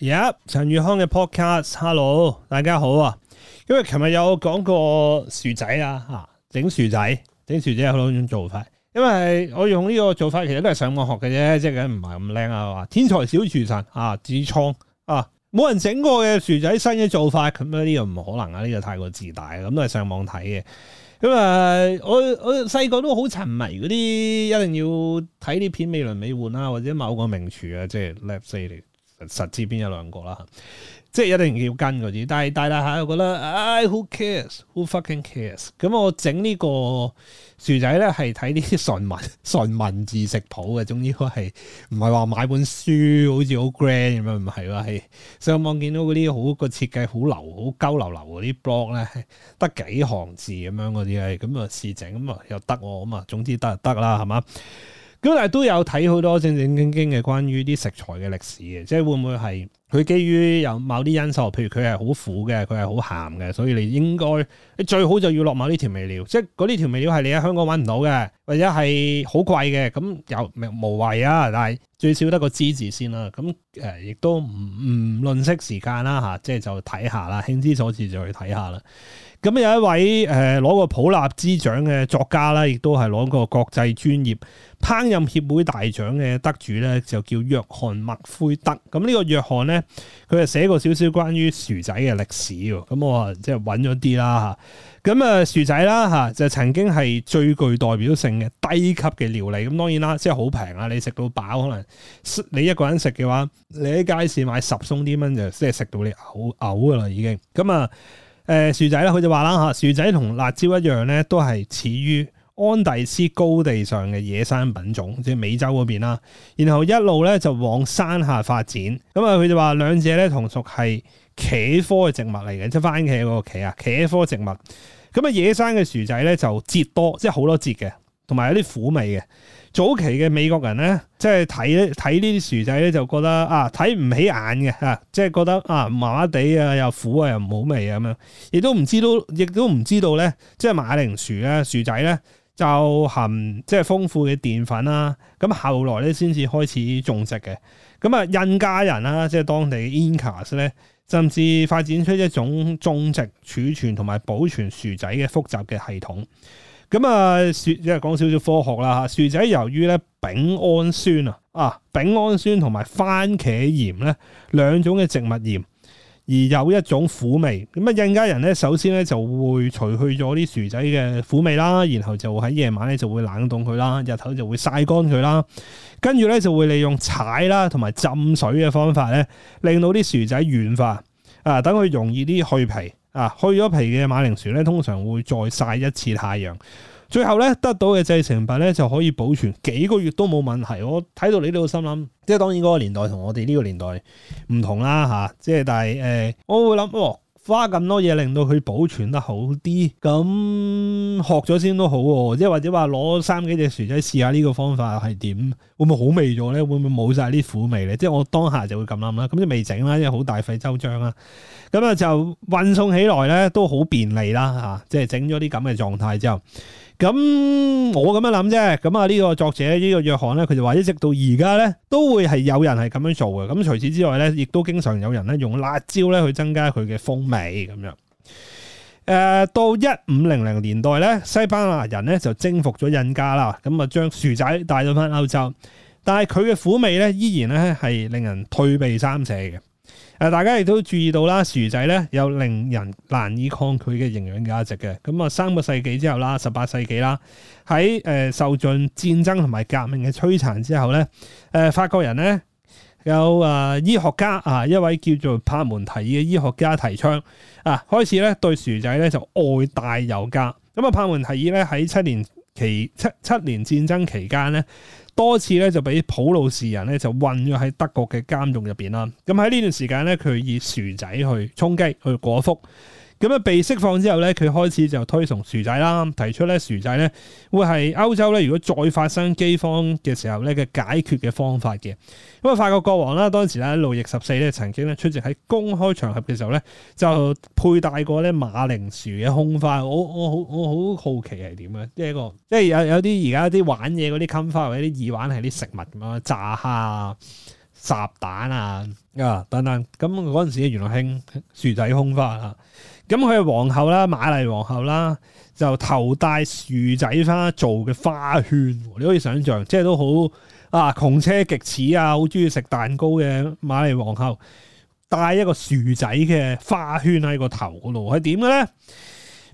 Yep，陳宇康嘅 podcast，Hello，大家好啊。因為琴日有講過薯仔啊，吓，整薯仔，整薯仔有好多種做法。因為我用呢個做法，其實都係上網學嘅啫，即係梗唔係咁靚啊。話天才小廚神啊，自創啊，冇人整過嘅薯仔新嘅做法，咁樣呢個唔可能啊，呢個太過自大，咁都係上網睇嘅。咁啊，我我細個都好沉迷嗰啲，一定要睇啲片，美輪美奐啊，或者某個名廚啊，即係叻西嚟。實知邊有兩個啦，即係一定要跟嗰啲，但係但係下我覺得，哎，who cares，who fucking cares？咁我整呢個薯仔咧，係睇呢啲純文純文字食譜嘅，總之佢係唔係話買本書，好似好 grand 咁樣，唔係話係上網見到嗰啲好個設計好流好鳩流流嗰啲 blog 咧，得幾行字咁樣嗰啲咧，咁啊試整咁啊又得我咁啊，總之得就得啦，係嘛？咁但係都有睇好多正正經經嘅關於啲食材嘅歷史嘅，即係會唔會係？佢基於有某啲因素，譬如佢係好苦嘅，佢係好鹹嘅，所以你應該最好就要落某啲調味料，即係嗰啲調味料係你喺香港揾唔到嘅，或者係好貴嘅，咁又無謂啊。但係最少得個知字先啦。咁、嗯、誒，亦都唔唔吝嗇時間啦嚇，即係就睇下啦，興之所至就去睇下啦。咁有一位誒攞過普立茲獎嘅作家啦，亦都係攞過國際專業烹飪協會大獎嘅得主咧，就叫約翰麥灰德。咁呢個約翰咧。佢係寫過少少關於薯仔嘅歷史，咁我即係揾咗啲啦。咁、嗯、啊薯仔啦吓、啊，就曾經係最具代表性嘅低級嘅料理。咁、嗯、當然啦，即係好平啊！你食到飽可能，你一個人食嘅話，你喺街市買十鬆啲蚊就即係食到你嘔嘔噶啦已經。咁啊誒薯仔咧，佢就話啦吓，薯仔同、啊、辣椒一樣咧，都係似於。安第斯高地上嘅野生品種，即係美洲嗰邊啦，然後一路咧就往山下發展。咁啊，佢就話兩者咧同屬係茄科嘅植物嚟嘅，即係番茄嗰個茄啊，茄科植物。咁啊，野生嘅薯仔咧就節多，即係好多節嘅，同埋有啲苦味嘅。早期嘅美國人咧，即係睇咧睇呢啲薯仔咧，就覺得啊睇唔起眼嘅嚇，即係覺得啊麻麻地啊又苦啊又唔好味啊咁樣，亦都唔知道，亦都唔知道咧，即係馬鈴薯啦薯仔咧。就含即係豐富嘅澱粉啦，咁後來咧先至開始種植嘅，咁啊印加人啦，即係當地 Incas 咧，甚至發展出一種種植、儲存同埋保存薯仔嘅複雜嘅系統。咁啊薯，即係講少少科學啦嚇，薯仔由於咧丙氨酸啊啊丙氨酸同埋蕃茄鹽咧兩種嘅植物鹽。而有一種苦味，咁啊印加人咧，首先咧就會除去咗啲薯仔嘅苦味啦，然後就喺夜晚咧就會冷凍佢啦，日頭就會曬乾佢啦，跟住咧就會利用踩啦同埋浸水嘅方法咧，令到啲薯仔軟化啊，等佢容易啲去皮啊，去咗皮嘅馬鈴薯咧，通常會再曬一次太陽。最後咧得到嘅製成品咧就可以保存幾個月都冇問題。我睇到你呢個心諗，即係當然嗰個年代同我哋呢個年代唔同啦，吓、啊，即係但係誒、欸，我會諗、哦，花咁多嘢，令到佢保存得好啲，咁、嗯、學咗先都好、啊。即係或者話攞三幾隻薯仔試下呢個方法係點，會唔會好味咗咧？會唔會冇晒啲苦味咧？即係我當下就會咁諗啦。咁就未整啦，因為好大費周章啦。咁、嗯、啊就運送起來咧都好便利啦，吓、啊，即係整咗啲咁嘅狀態之後。咁、嗯、我咁樣諗啫，咁啊呢個作者呢、呢個約翰咧，佢就話一直到而家咧，都會係有人係咁樣做嘅。咁除此之外咧，亦都經常有人咧用辣椒咧去增加佢嘅風味咁樣。誒、呃，到一五零零年代咧，西班牙人咧就徵服咗印加啦，咁啊將薯仔帶咗翻歐洲，但係佢嘅苦味咧依然咧係令人退避三舍嘅。誒，大家亦都注意到啦，薯仔咧有令人難以抗拒嘅營養價值嘅。咁啊，三個世紀之後啦，十八世紀啦，喺誒受盡戰爭同埋革命嘅摧殘之後咧，誒法國人咧有誒醫學家啊，一位叫做帕門提爾嘅醫學家提倡啊，開始咧對薯仔咧就愛戴有加。咁啊，帕門提爾咧喺七年期七七年戰爭期間咧。多次咧就俾普魯士人咧就困咗喺德國嘅監獄入邊啦。咁喺呢段時間咧，佢以薯仔去充飢，去果腹。咁啊，被釋放之後咧，佢開始就推崇薯仔啦，提出咧薯仔咧會係歐洲咧，如果再發生饑荒嘅時候咧嘅解決嘅方法嘅。咁啊，法國國王啦，當時咧路易十四咧曾經咧出席喺公開場合嘅時候咧，就佩戴過咧馬鈴薯嘅胸花。我我好我好好奇係點啊？即係一個即係有有啲而家啲玩嘢嗰啲襟花，或者啲耳環係啲食物咁啊，炸蝦啊、烚蛋啊啊等等。咁嗰陣時原來興薯仔胸花啦。咁佢皇后啦，瑪麗皇后啦，就頭戴薯仔花做嘅花圈，你可以想象，即係都好啊窮奢極侈啊，好中意食蛋糕嘅瑪麗皇后，戴一個薯仔嘅花圈喺個頭嗰度，係點嘅咧？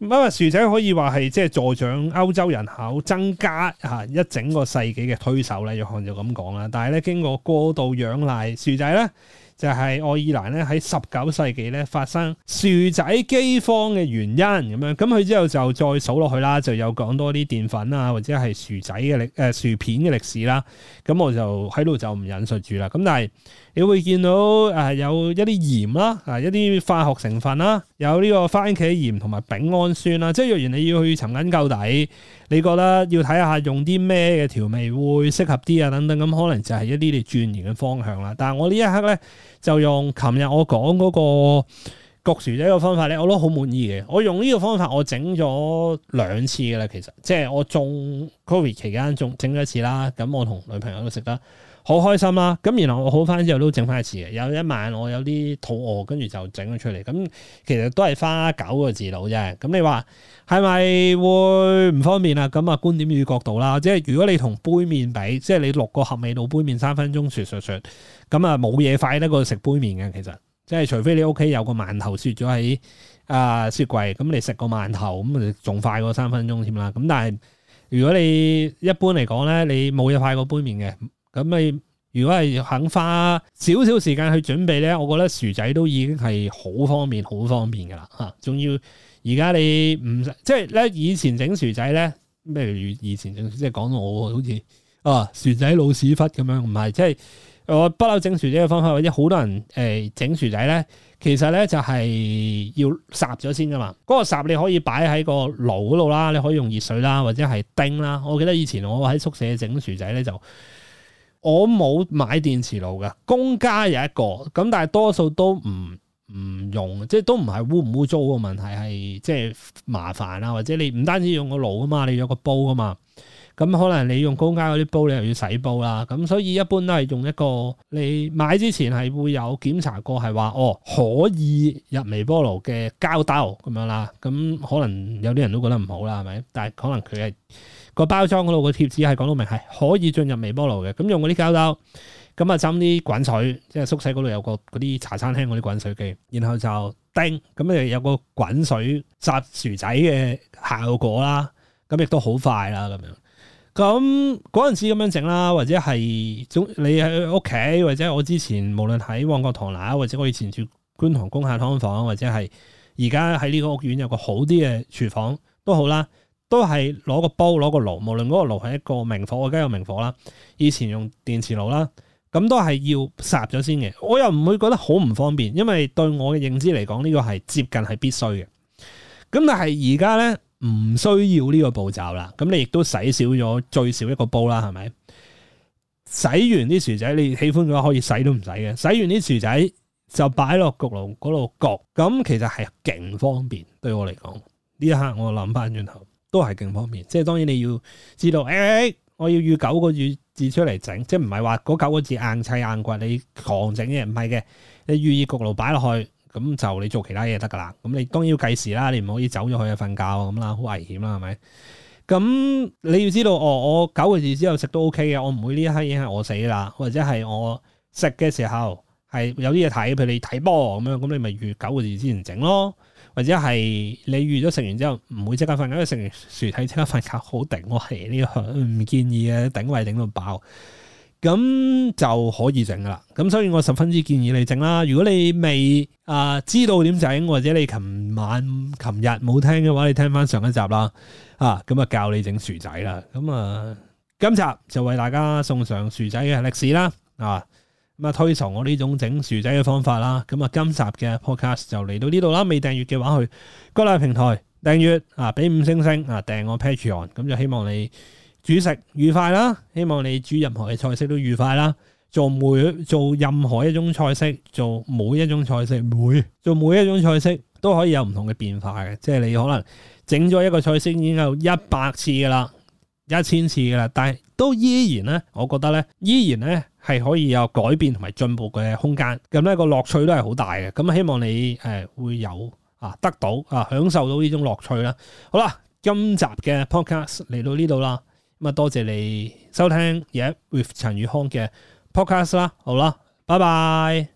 咁啊，薯仔可以話係即係助長歐洲人口增加吓一整個世紀嘅推手咧，約翰就咁講啦。但係咧，經過過度仰賴薯仔咧。就係愛爾蘭咧，喺十九世紀咧發生薯仔饑荒嘅原因咁樣，咁佢之後就再數落去啦，就有講多啲澱粉啊，或者係薯仔嘅歷誒、啊、薯片嘅歷史啦。咁我就喺度就唔引述住啦。咁但係你會見到誒、啊、有一啲鹽啦、啊，啊一啲化學成分啦、啊，有呢個番茄鹽同埋丙氨酸啦、啊。即係若然你要去尋根究底，你覺得要睇下用啲咩嘅調味會適合啲啊等等咁，可能就係一啲你鑽研嘅方向啦。但係我呢一刻咧。就用琴日我講嗰個焗薯仔嘅方法咧，我都好滿意嘅。我用呢個方法，我整咗兩次嘅啦。其實，即係我中 COVID 期間仲整咗一次啦。咁我同女朋友都食得。好開心啦、啊！咁然後我好翻之後都整翻一次嘅。有一晚我有啲肚餓，跟住就整咗出嚟。咁其實都係花九個字到啫。咁你話係咪會唔方便啊？咁啊觀點與角度啦，即係如果你同杯麵比，即係你六個合味道杯麵三分鐘，雪雪雪咁啊冇嘢快得過食杯麵嘅。其實即係除非你屋企有個饅頭雪咗喺啊雪櫃，咁你食個饅頭咁啊仲快過三分鐘添啦。咁但係如果你一般嚟講呢，你冇嘢快過杯麵嘅。咁咪如果係肯花少少時間去準備咧，我覺得薯仔都已經係好方便，好方便噶啦嚇！仲要而家你唔使即係咧，以前整薯仔咧，咩如以前即係講到我好似哦、啊，薯仔老屎忽咁樣，唔係即係我不嬲整薯仔嘅方法，或者好多人誒整、呃、薯仔咧，其實咧就係要烚咗先噶嘛。嗰、那個烚你可以擺喺個爐度啦，你可以用熱水啦，或者係叮啦。我記得以前我喺宿舍整薯仔咧就。我冇買電磁爐嘅公家有一個，咁但係多數都唔唔用，即係都唔係污唔污糟嘅問題，係即係麻煩啊，或者你唔單止用個爐啊嘛，你有個煲啊嘛，咁可能你用公家嗰啲煲，你又要洗煲啦，咁所以一般都係用一個你買之前係會有檢查過，係話哦可以入微波爐嘅膠兜咁樣啦，咁可能有啲人都覺得唔好啦，係咪？但係可能佢係。個包裝嗰度個貼紙係講到明係可以進入微波爐嘅，咁用嗰啲膠兜，咁啊浸啲滾水，即係宿舍嗰度有個嗰啲茶餐廳嗰啲滾水機，然後就叮，咁啊有個滾水炸薯仔嘅效果啦，咁亦都好快啦咁樣。咁嗰陣時咁樣整啦，或者係總你喺屋企，或者我之前無論喺旺角唐樓，或者我以前住觀塘公廈劏房，或者係而家喺呢個屋苑有個好啲嘅廚房都好啦。都係攞個煲，攞個爐，無論嗰個爐係一個明火，我而家有明火啦。以前用電磁爐啦，咁都係要插咗先嘅。我又唔會覺得好唔方便，因為對我嘅認知嚟講，呢個係接近係必須嘅。咁但係而家咧唔需要呢個步驟啦。咁你亦都洗少咗最少一個煲啦，係咪？洗完啲薯仔，你喜歡嘅話可以洗都唔洗嘅。洗完啲薯仔就擺落焗爐嗰度焗，咁其實係勁方便對我嚟講。呢一刻我諗翻轉頭，都係勁方便，即係當然你要知道，誒、哎、我要預九個字至出嚟整，即係唔係話九個字硬砌硬掘你狂整嘅？唔係嘅，你預熱焗爐擺落去，咁就你做其他嘢得噶啦。咁你當然要計時啦，你唔可以走咗去瞓覺咁啦，好危險啦，係咪？咁你要知道，哦、我我九個字之後食都 OK 嘅，我唔會呢一刻已經係餓死啦，或者係我食嘅時候係有啲嘢睇，譬如你睇波咁樣，咁你咪預九個字之前整咯。或者係你預咗食完之後唔會即刻瞓覺，因為食完薯仔即刻瞓覺好頂，我係呢、這個唔建議嘅，頂胃頂到爆，咁就可以整噶啦。咁所以我十分之建議你整啦。如果你未啊、呃、知道點整，或者你琴晚、琴日冇聽嘅話，你聽翻上一集啦。啊，咁啊教你整薯仔啦。咁、嗯、啊，今集就為大家送上薯仔嘅歷史啦。啊！咁啊，推崇我呢種整薯仔嘅方法啦。咁啊，今集嘅 podcast 就嚟到呢度啦。未訂閱嘅話，去各大平台訂閱啊，俾五星星啊，訂我 Patreon。咁就希望你煮食愉快啦，希望你煮任何嘅菜式都愉快啦。做每做任何一種菜式，做每一種菜式，每做每一種菜式都可以有唔同嘅變化嘅，即係你可能整咗一個菜式已經有一百次噶啦。一千次嘅啦，但係都依然咧，我覺得咧，依然咧係可以有改變同埋進步嘅空間，咁、嗯、咧、那個樂趣都係好大嘅。咁、嗯、希望你誒、呃、會有啊，得到啊，享受到呢種樂趣啦。好啦，今集嘅 Podcast 嚟到呢度啦，咁啊多謝你收聽 Yeah with 陳宇康嘅 Podcast 啦，好啦，拜拜。